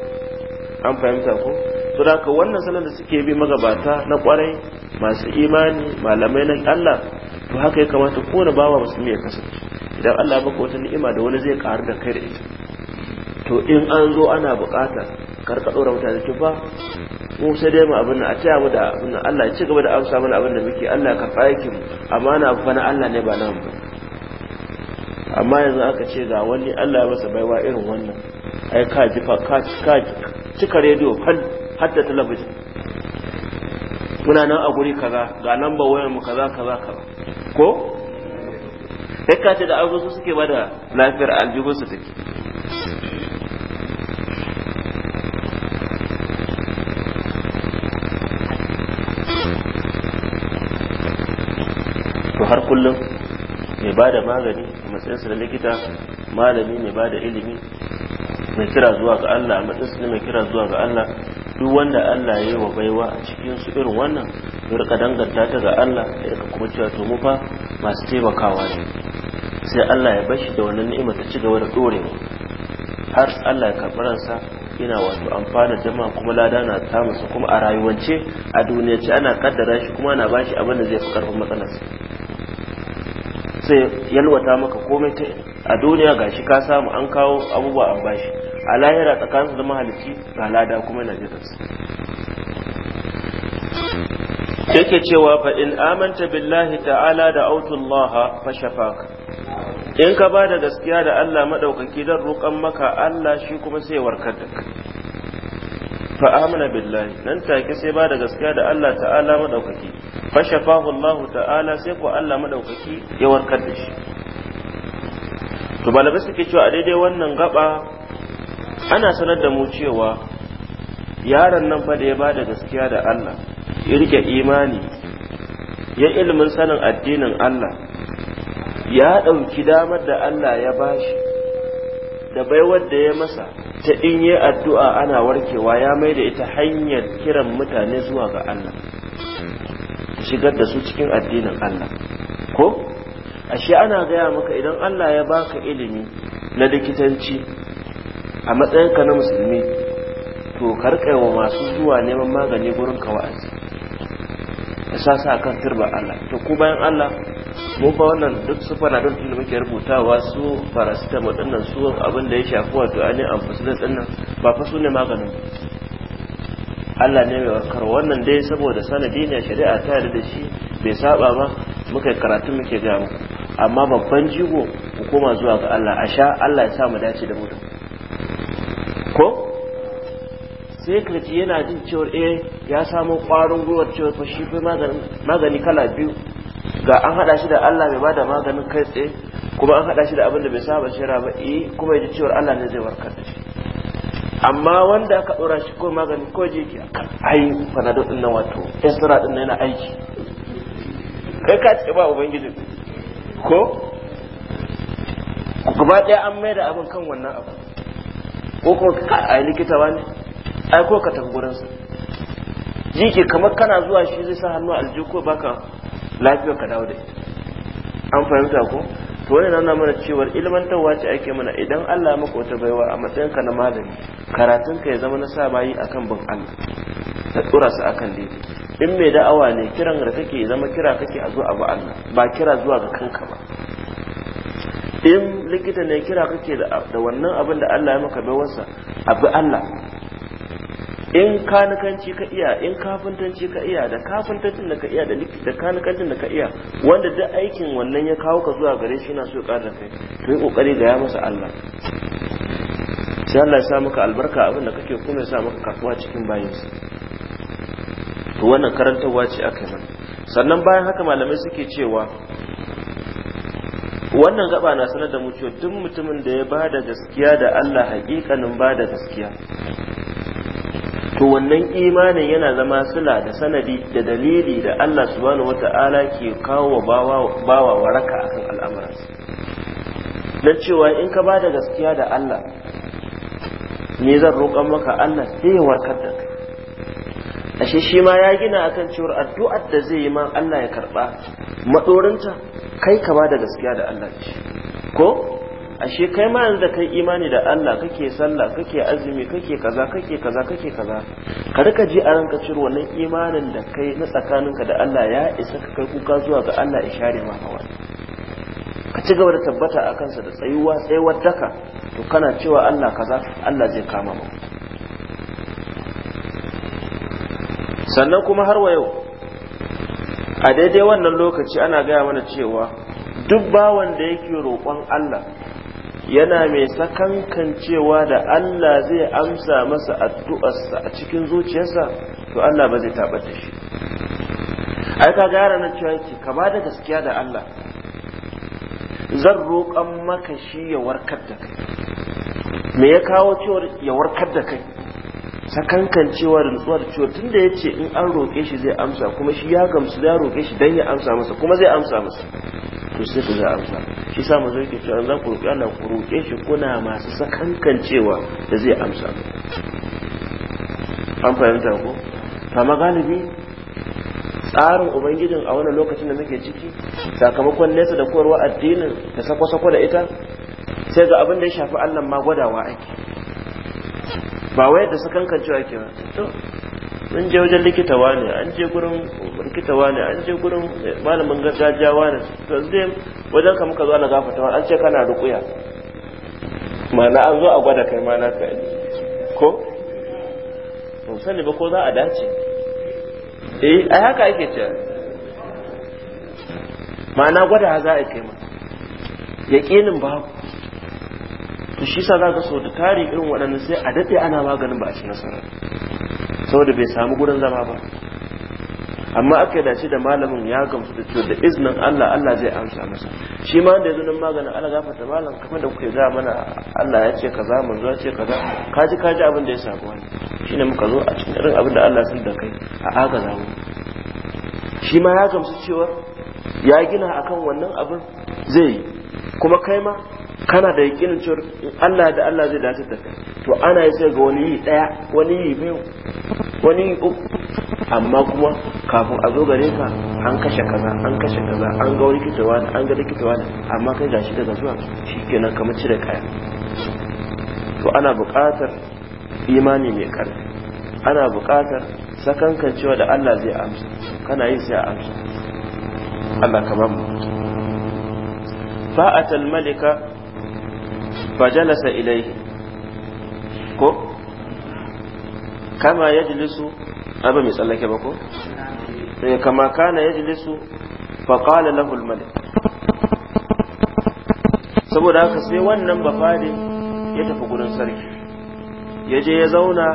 an fahimta ko to da ka wannan salon da suke bi magabata na kwarai masu imani malamai na Allah to haka ya kamata kowane bawa musulmi ya kasance idan Allah ya baka wata ni'ima da wani zai karu da kai da ita to in an zo ana bukata karka dora mutane ki ba mu sai dai mu abin nan a taya mu da abin nan Allah ya ci gaba da amsa mana abin da muke Allah ya karɓa yake amma amana fa na Allah ne ba nan ba amma yanzu aka ce ga wani Allah ya masa baiwa irin wannan ai ka ji fa ka ka cika rediyo kan hatta talabijin muna nan a guri kaza ga lamba wayar mu kaza kaza kaza ko sai ka ce da su suke bada lafiyar su take kullum mai ba da magani matsayinsa na likita malami mai ba da ilimi mai kira zuwa ga Allah a matsayinsa mai kira zuwa ga Allah duk wanda Allah ya yi wa baiwa a cikin su irin wannan ya rika danganta ta ga Allah ya rika kuma cewa to mu fa masu taimakawa ne sai Allah ya bashi da wannan ni'ima ta ci gaba da dorewa har Allah ya karɓi ransa ina wato amfana jama'a kuma lada na ta musu kuma a rayuwance a duniya ce ana kaddara shi kuma ana bashi abin da zai fi karfin matsalarsa sai yalwata maka komai ta a duniya ga shi ka samu an kawo abubuwa an bashi a lahira tsakansu da mahalicci ga lada kuma na jiransu yake cewa fa in amanta billahi ta'ala da autullaha fa shafaka in ka ba da gaskiya da Allah madaukaki dan roƙan maka Allah shi kuma sai warkar da ka fa amana billahi nan take sai ba da gaskiya da Allah ta'ala madaukaki fa shafahu Allah ta'ala sai ko Allah madaukaki ya warkar da shi to balabai suke cewa a daidai wannan gaba ana sanar da mu cewa yaron nan fa da ya bada gaskiya da Allah ya rike imani ya ilimin sanin addinin Allah ya ɗauki damar da Allah ya bashi da baiwar da ya masa ta in yi addu'a ana warkewa ya mai da ita hanyar kiran mutane zuwa ga Allah shigar da su cikin addinin Allah ko ashe ana gaya maka idan Allah ya baka ilimi na likitanci a matsayinka na musulmi to wa masu zuwa neman magani gurin ka wa'azi ya sa sa kan turba Allah to ku bayan Allah mu ba wannan duk su panadol din da muke rubutawa su paracetamol din nan su abin da ya shafi wato ainihin ampicillin din nan ba fa su ne maganin Allah ne mai warkar wannan dai saboda sanadi ne shari'a ta yarda da shi bai saba ba muka karatu muke ga mu amma babban jigo ku koma zuwa ga Allah a sha Allah ya sa mu dace da mu ko sai kaji yana jin cewar eh ya samu ƙwarin gwiwar cewar fa shi fa magani kala biyu ga an hada shi da Allah mai bada maganin kai tsaye kuma an hada shi da abin da bai saba shira ba eh kuma yaji cewa Allah ne zai warkar da shi amma wanda aka dora shi ko magani ko jiki aka ai fanadol din nan wato extra din nan yana aiki kai ka ce ba ubangiji ko gaba daya an mai da abin kan wannan abu ko ko ka ai likita wani ai ko ka tafi sa jiki kamar kana zuwa shi zai sa hannu aljihu ko baka lafiyar ka dawo da ita an fahimta ko to wani nuna mana cewar ilmantarwa ce ake mana idan Allah maka wata baiwa a matsayin ka na malami karatun ka ya zama na sa bayi akan bin Allah ta tsura su akan daidai in mai da'awa ne kiran da kake zama kira kake a zuwa abu Allah ba kira zuwa ga kanka ba in likita ne kira kake da wannan abin da Allah ya maka baiwarsa abu Allah in kanikanci ka iya in kafintanci ka iya da kafintancin da ka iya da da kanukancin da ka iya wanda duk aikin wannan ya kawo ka zuwa gare shi na so ka da kai to yi kokari ga ya masa Allah sai Allah ya sa maka albarka abin da kake kuma ya sa maka kafuwa cikin sa to wannan karantarwa ce aka yi sannan bayan haka malamai suke cewa wannan gaba na sanar da mu cewa duk mutumin da ya bada gaskiya da Allah hakikanin bada gaskiya to wannan imanin yana zama sila da sanadi da dalili da Allah subhanahu wata'ala ke kawo wa bawa waraka akan al'amuransa don cewa in ka ba da gaskiya da Allah ne zan roƙon maka Allah sai ya warkar da kai ashe shi ma ya gina kan cewar addu'ar da zai yi ma Allah ya karɓa maɗorinta kai ka ba da gaskiya da Allah ko ashe kai ma yanzu kai imani da Allah kake sallah kake azumi kake kaza kake kaza kake kaza ka rika ji a ranka ciro wannan imanin da kai na tsakaninka da Allah ya isa ka kai kuka zuwa ga Allah ya ma hawa ka ci gaba da tabbata a kansa da tsayuwa tsayuwar daka to kana cewa Allah kaza Allah zai kama mu sannan kuma har wa yau a daidai wannan lokaci ana gaya mana cewa duk bawan da yake roƙon Allah yana mai cewa da Allah zai amsa masa addu'arsa a cikin zuciyarsa to Allah ba zai taɓa shi ai ka gara nan cewa yake ka ba da gaskiya da Allah zan roƙan maka shi ya warkar da kai me ya kawo cewar ya warkar da kai sakankancewa da nutsuwa da cewa tunda ya ce in an roƙe shi zai amsa kuma shi ya gamsu ya roƙe shi don ya amsa masa kuma zai amsa masa to sai ku za a amsa shi sa manzo yake cewa za ku roƙi Allah ku roƙe shi kuna masu sakankancewa da zai amsa an fahimta ko amma magalibi tsarin ubangijin a wannan lokacin da muke ciki sakamakon nesa da koyarwa addinin da sako-sako da ita sai ga abin da ya shafi allan ma gwadawa ake ba wai da cewa ake ba mun je wajen likita wane an je gurin likita wane an je gurin malamin gargajiya wane to zai wajen ka muka zo na gafata an ce kana rukuya ma'ana an zo a gwada kai mana ka yi, ko ban sani ba ko za a dace eh a haka ake ce ma'ana gwada za a kai ma yaƙinin babu to shi sa za ka so da tari irin waɗannan sai a daɗe ana maganin ba a ci nasara saboda bai samu gurin zama ba amma aka yi dace da malamin ya gamsu da cewa da iznin Allah Allah zai amsa masa shi ma da yanzu nan maganin Allah gafarta malam kamar da kuke za mana Allah ya ce kaza mu ya ce kaza kaji kaji abin da ya samu wani shine muka zo a cikin irin abin da Allah sun da kai a aka zawo shi ma ya gamsu cewa ya gina akan wannan abin zai yi kuma kai ma kana da yakinin cewa Allah da Allah zai dace da kai to ana yi sai ga wani yi daya wani yi biyu wani yi uku amma kuma kafin a zo gare ka an kashe kaza an kashe kaza an ga likita wani an ga likita wani amma kai gashi daga zuwa shikenan kamar cire kaya to ana buƙatar imani mai ƙarfi ana buƙatar sakankan cewa da Allah zai amsa kana yi sai a amsa Allah kamar mu fa'atal malika fajalasa ilaihi ko kama yajlisu abin mai tsallake ba ko eh, kama kana yajlisu faƙala lahul malik saboda haka sai wannan bafade ya tafi gurin sarki ya je ya zauna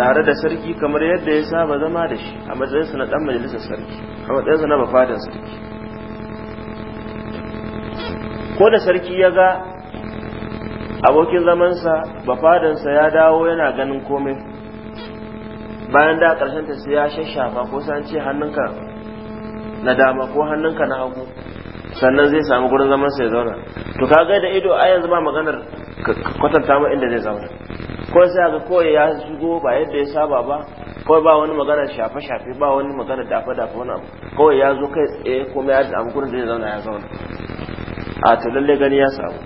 tare da sarki kamar yadda ya saba zama da shi a matsayinsa na ɗan majalisar sarki a matsayinsa na bafadin sarki ko da sarki ya ga abokin zamansa bafadansa ya dawo yana ganin komai bayan da ƙarshen ta sai ya shashafa ko san ce hannunka na dama ko hannunka na hagu sannan zai samu gurin zaman sa ya zauna to kaga da ido a yanzu ba maganar kwatanta ma inda zai zauna ko sai ga kawai ya shigo ba yadda ya saba ba kawai ba wani magana shafe shafe ba wani magana dafa dafa wani abu kawai ya zo kai tsaye ko mai da gurin zai zauna ya zauna a to lalle gani ya samu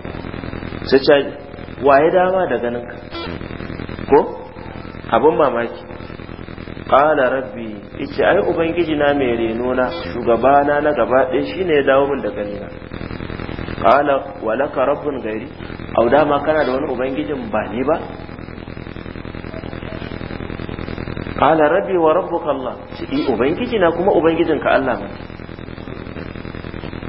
sai waye dama da ganin ka ko abin mamaki ƙala rabbi ice ai ubangiji na mai reno na shugaba na na gaba ɗaya shine ya dawo min da na ƙala walaka rabbin gari au dama kana da wani ubangijin ba ni ba ƙala rabbi wa rabbuka Allah shi eh, ubangiji na kuma ubangijinka Allah mai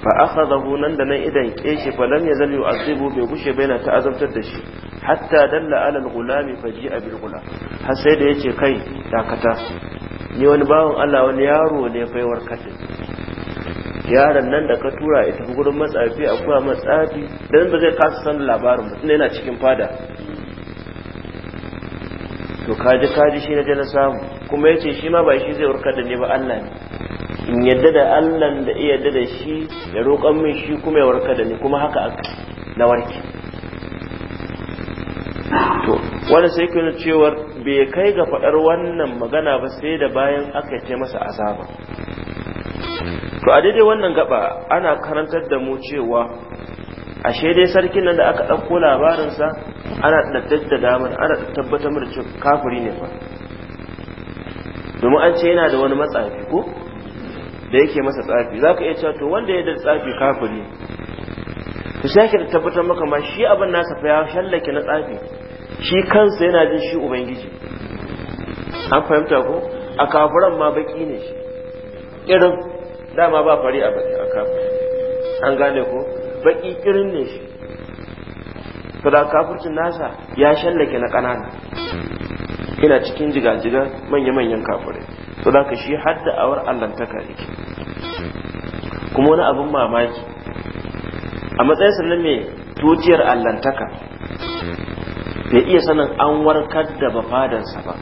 fa akhadahu nan da nan idan keshi fa lam yazal yu'azibu bai gushe bai na azabtar da shi hatta dalla ala al-gulami fa ji'a bil gulam har sai da yace kai dakata ni wani bawon Allah wani yaro ne baiwar kace yaron nan da ka tura ita gurin matsafi a kuma matsafi dan ba zai kasa san labarin mutum yana cikin fada to kaji kaji shi na je na samu kuma yace shi ma ba shi zai warkar da ni ba Allah ne in yadda da Allah da iya yadda da shi ya roƙon min shi kuma ya warka da ni kuma haka aka na warke to wanda sai kuna cewar bai kai ga faɗar wannan magana ba sai da bayan aka ce masa azaba to a daidai wannan gaba ana karantar da mu cewa ashe dai sarkin nan da aka ɗauko labarinsa ana da damar ana tabbatar da cewa kafiri ne fa domin an ce yana da wani matsafi ko da yake masa tsafi za ka iya cewa to wanda ya da tsafi kafiri ku sai da tabbatar maka ma shi abin nasa fa ya shallake na tsafi shi kansa yana jin shi ubangiji an fahimta ko a kafiran ma baki ne shi irin dama ba fari a baki a kafiri an gane ko baki irin ne shi to da kafircin nasa ya shallake na kanana ina cikin jigajiga manya-manyan kafirai to da ka shi hadda awar allantaka yake kuma wani abin mamaki a matsayinsa na mai tutiyar allantaka bai iya sanin an warkar da bafadansa ba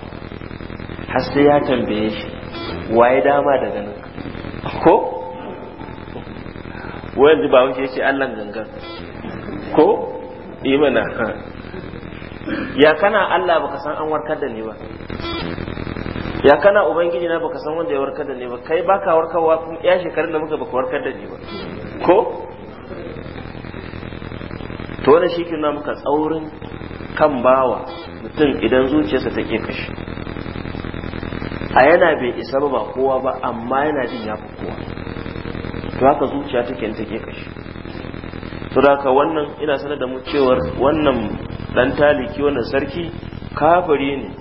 har sai ya tambaye shi waye dama da ganin ko wayanzu ba wuce ce allan gangan ko imana eh ya kana allah baka san an warkar da ni ba ya kana ubangiji na baka san wanda ya warkar da ni ba kai baka warkarwa tun ya shekarun da muka baka warkar da ni ba ko to wannan shi na muka tsaurin kan bawa mutum idan zuciyarsa ta ke kashi a yana bai isa ba kowa ba amma yana jin ya fi kowa to haka zuciya take ta ke kashi to haka wannan ina sanar da mu cewar wannan dan taliki wannan sarki kafiri ne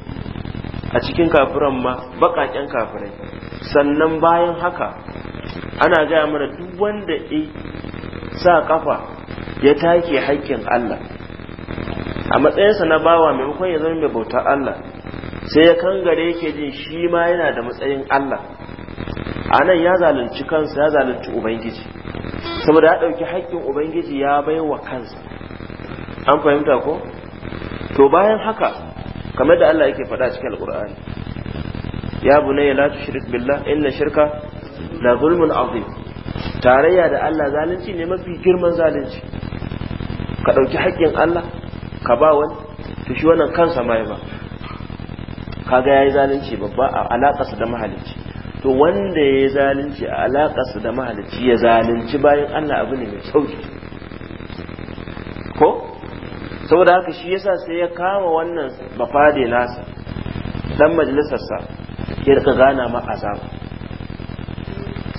a cikin kafiran ma baƙaƙen kafirai sannan bayan haka ana gaya mana duk wanda ya sa kafa ya take haƙƙin Allah a matsayinsa na bawa maimakon ya zama mai bautar Allah sai ya kangare yake jin shi ma yana da matsayin Allah a nan ya zalunci kansa ya zalunci ubangiji saboda ya ɗauki haƙƙin ubangiji ya baiwa kansa an fahimta ko to bayan haka kamar da Allah yake faɗa cikin alqur'ani ya bunayya la tushrik billah inna shirka la zulmun azim tarayya da Allah zalunci ne mafi girman zalunci ka ɗauki haƙƙin Allah ka ba wani to shi wannan kansa mai ba kaga yayi zalunci babba a alaƙarsa da mahalicci to wanda yayi zalunci a alaƙarsa da mahalicci ya zalunci bayan Allah abu ne mai sauki ko saboda haka shi yasa sai ya kama wannan mafade nasa dan majalisarsa ya rika gana ma azaba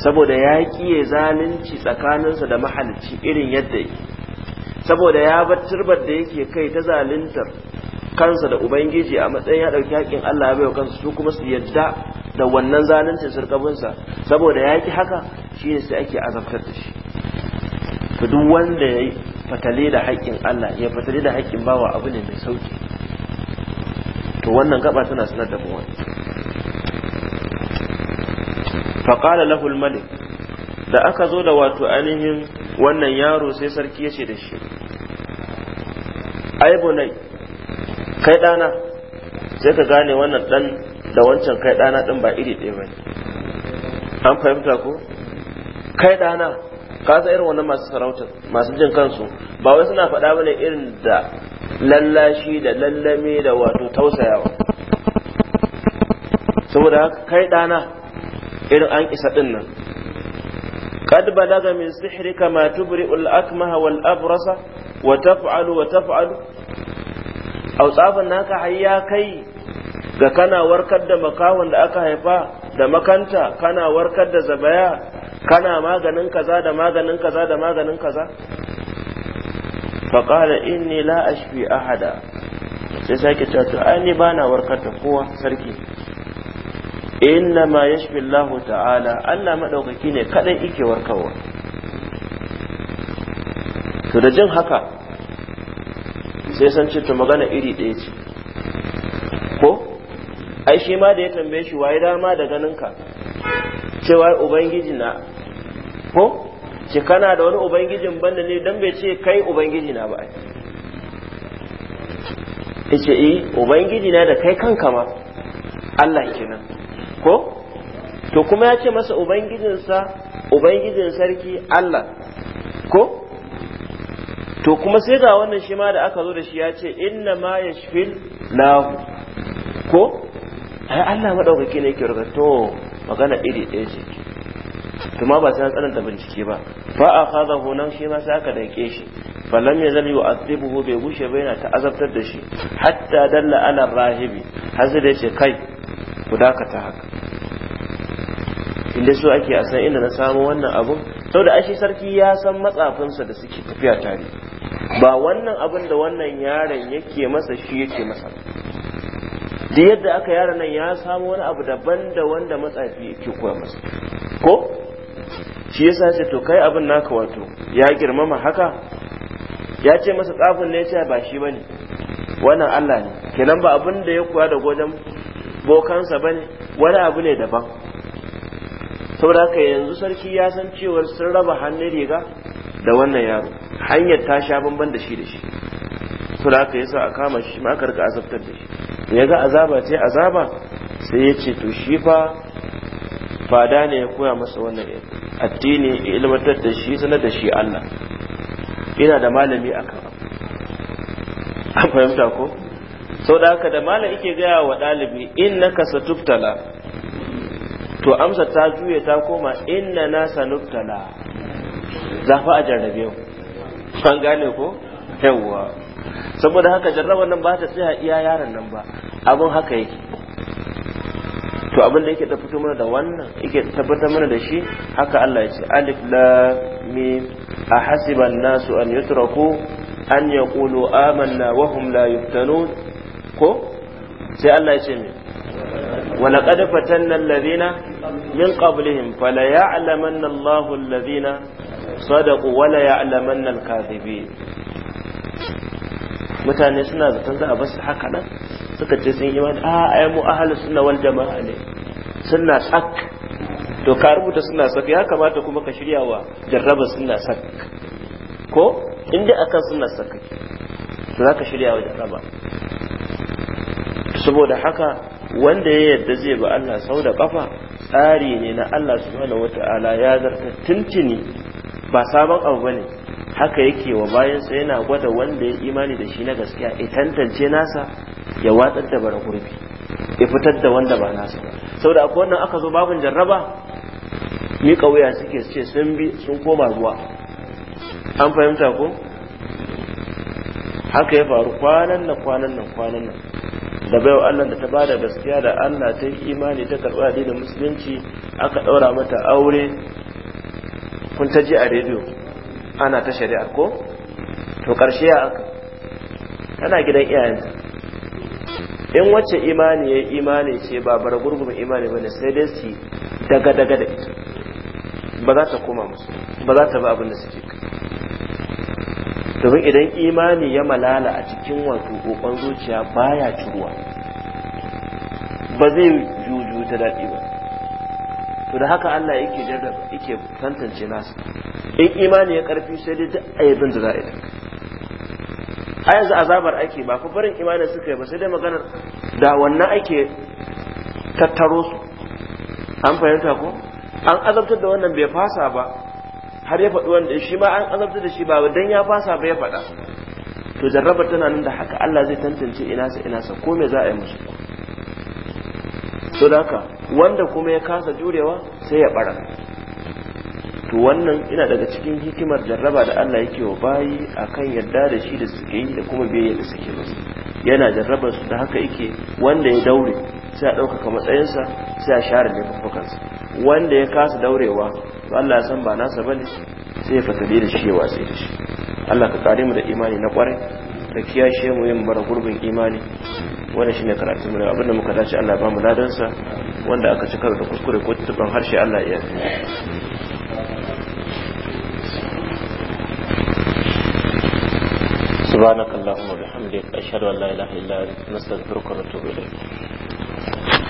saboda ya kiye zalunci tsakaninsa da mahalicci irin yadda yake saboda ya bar turbar da yake kai ta zaluntar kansa da ubangiji a matsayin ya ɗauki haƙƙin Allah ya baiwa kansa su kuma su yadda da wannan zaluncin surkabinsa saboda ya ki haka shi ne sai ake azabtar da shi to duk wanda ya fatale da haƙƙin Allah ya fatale da haƙƙin bawa abu ne mai sauki to wannan gaba tana sanar da mu wani faqala lahu al-malik da aka zo da wato ainihin wannan yaro sai sarki ya ce da shi ai bunai kai dana sai ka gane wannan dan da wancan kai dana din ba iri ɗaya bane an fahimta ko kai dana ka san irin wannan masu sarautar masu jin kansu ba wai suna faɗa bane irin da lallashi da lallame da wato tausayawa saboda haka kai ɗana irin an isa ɗin nan قد بلغ من سحرك ما تبرئ الأكمه والأبرص وتفعل وتفعل أو صافا ناك حيا كي ga kana warkar da makawan da aka haifa da makanta kana warkar da zabaya kana maganin kaza da maganin kaza da maganin kaza faƙala inni la ashfi ahada sai sake cewa to ai ni bana warkar da kowa sarki inna ma yashfi Allahu ta'ala Allah madaukaki ne kadai yake warkarwa to da jin haka sai san ce to magana iri ɗaya ce ai shi ma da ya tambaye shi waye dama da ganinka cewa ubangiji na ko ce kana da wani ubangijin banda ne dan bai ce kai ubangiji na ba ai yace eh ubangiji na da kai kanka ma Allah kenan ko to kuma ya ce masa ubangijinsa ubangijin sarki Allah ko to kuma sai ga wannan shi ma da aka zo da shi ya ce inna ma yashfil lahu ko ai Allah madaukake ne yake rubuta to magana iri ɗaya ce kuma ba sai an tsananta bincike ba fa akhadahu nan shi ma sai aka dake shi falam wa yu'adhibuhu bai gushe ba yana ta azabtar da shi hatta dalla ala rahibi da yace kai ku dakata haka inda su ake a san inda na samu wannan abun da ashe sarki ya san matsafinsa da suke tafiya tare ba wannan abin da wannan yaron yake masa shi yake masa ba da yadda aka yara nan ya samu wani abu daban da wanda matsafi ke koya masa ko shi yasa ce to kai abin naka wato ya girmama haka ya ce masa tsafin ne ya ba shi bane wannan Allah ne kenan ba abin da ya koya da wajen bokansa bane wani abu ne daban saboda haka yanzu sarki ya san cewar sun raba hannun riga da wannan yaro hanyar ta sha bamban da shi da shi saboda haka yasa a kama shi ma aka rika azabtar da shi ya ga azaba ce azaba sai ya ce to shi fa fada ne ya koya masa wannan addini ya ilmantar da shi sanar da shi Allah ina da malami a kan an fahimta ko sau da haka da malam ike gaya wa ɗalibi in na kasa tuftala to amsa ta juye ta koma in na nasa nuftala za fa a jarrabe an gane ko yawwa saboda haka jarrabar nan ba ta tsaya iya yaron nan ba abin haka yake to abin da yake da fito mana da wannan yake tabbatar mana da shi haka Allah ya ce alif lam mim ahasiba an-nasu an yutraku an yaqulu amanna wa hum la yuftanun ko sai Allah ya ce me wa laqad fatanna alladhina min qablihim fala ya'lamanna Allahu alladhina sadaqu wa la ya'lamanna al-kadhibin mutane suna zaton za a basu haka nan suka ce sun yi imani a ai mu ahalus sunna wal jama'a ne sunna sak to ka rubuta sunna sak ya kamata kuma ka shirya wa jarraba sunna sak ko in dai akan sunna sak to zaka shirya wa jarraba saboda haka wanda ya yarda zai ba Allah sau da kafa tsari ne na Allah subhanahu wata'ala ya zarta tuntuni ba sabon abu bane haka yake wa bayansa yana gwada wanda ya imani da shi na gaskiya ya tantance nasa ya watsar da bara gurbi ya fitar da wanda ba nasa ba saboda akwai wannan aka zo babin jarraba ni kauya suke ce sun bi sun koma ruwa an fahimta ko haka ya faru kwanan nan kwanan nan kwanan nan da baiwa Allah da ta bada gaskiya da Allah ta yi imani ta karɓa addinin musulunci aka ɗaura mata aure kun ta ji a rediyo ana ta shari'ar ko to ƙarshe ya aka tana gidan iyayenta in wacce imani ya imani ce ba bar gurgumin imani bane sai dai su daga daga da ita ba za ta koma musu ba za ta ba abin da suke domin idan imani ya malala a cikin wato kokon zuciya baya ciruwa ba zai juju ta daɗi ba to da haka Allah yake jarraba yake tantance nasu in imani ya karfi sai dai duk ayyabin da za a yi a yanzu azabar ake ba fa barin imanin suka yi ba sai dai maganar da wannan ake tattaro su an fahimta ko an azabtar da wannan bai fasa ba har ya faɗi wanda shi ma an azabtar da shi ba dan ya fasa ba ya faɗa to jarrabar tana nan da haka Allah zai tantance ina sa ina sa ko me za a yi musu so haka wanda kuma ya kasa jurewa sai ya bara to wannan ina daga cikin hikimar jarraba da Allah yake wa bayi akan yadda da shi da suke yi da kuma biyayya da suke musu yana jarrabar su da haka yake wanda ya daure sai a ɗaukaka matsayinsa sai a share sa wanda ya kasa daurewa to Allah ya san ba nasa bane sai ya fatale da shi ya watsi da shi Allah ka kare mu da imani na kwarai da kiyashe mu yin bara gurbin imani wanda shine karatu mu abinda muka dace Allah ba mu ladansa wanda aka ci cika da kuskure ko tuban harshe Allah ya yi سبحانك اللهم وبحمدك أشهد أن لا إله إلا أنت نستغفرك ونتوب إليك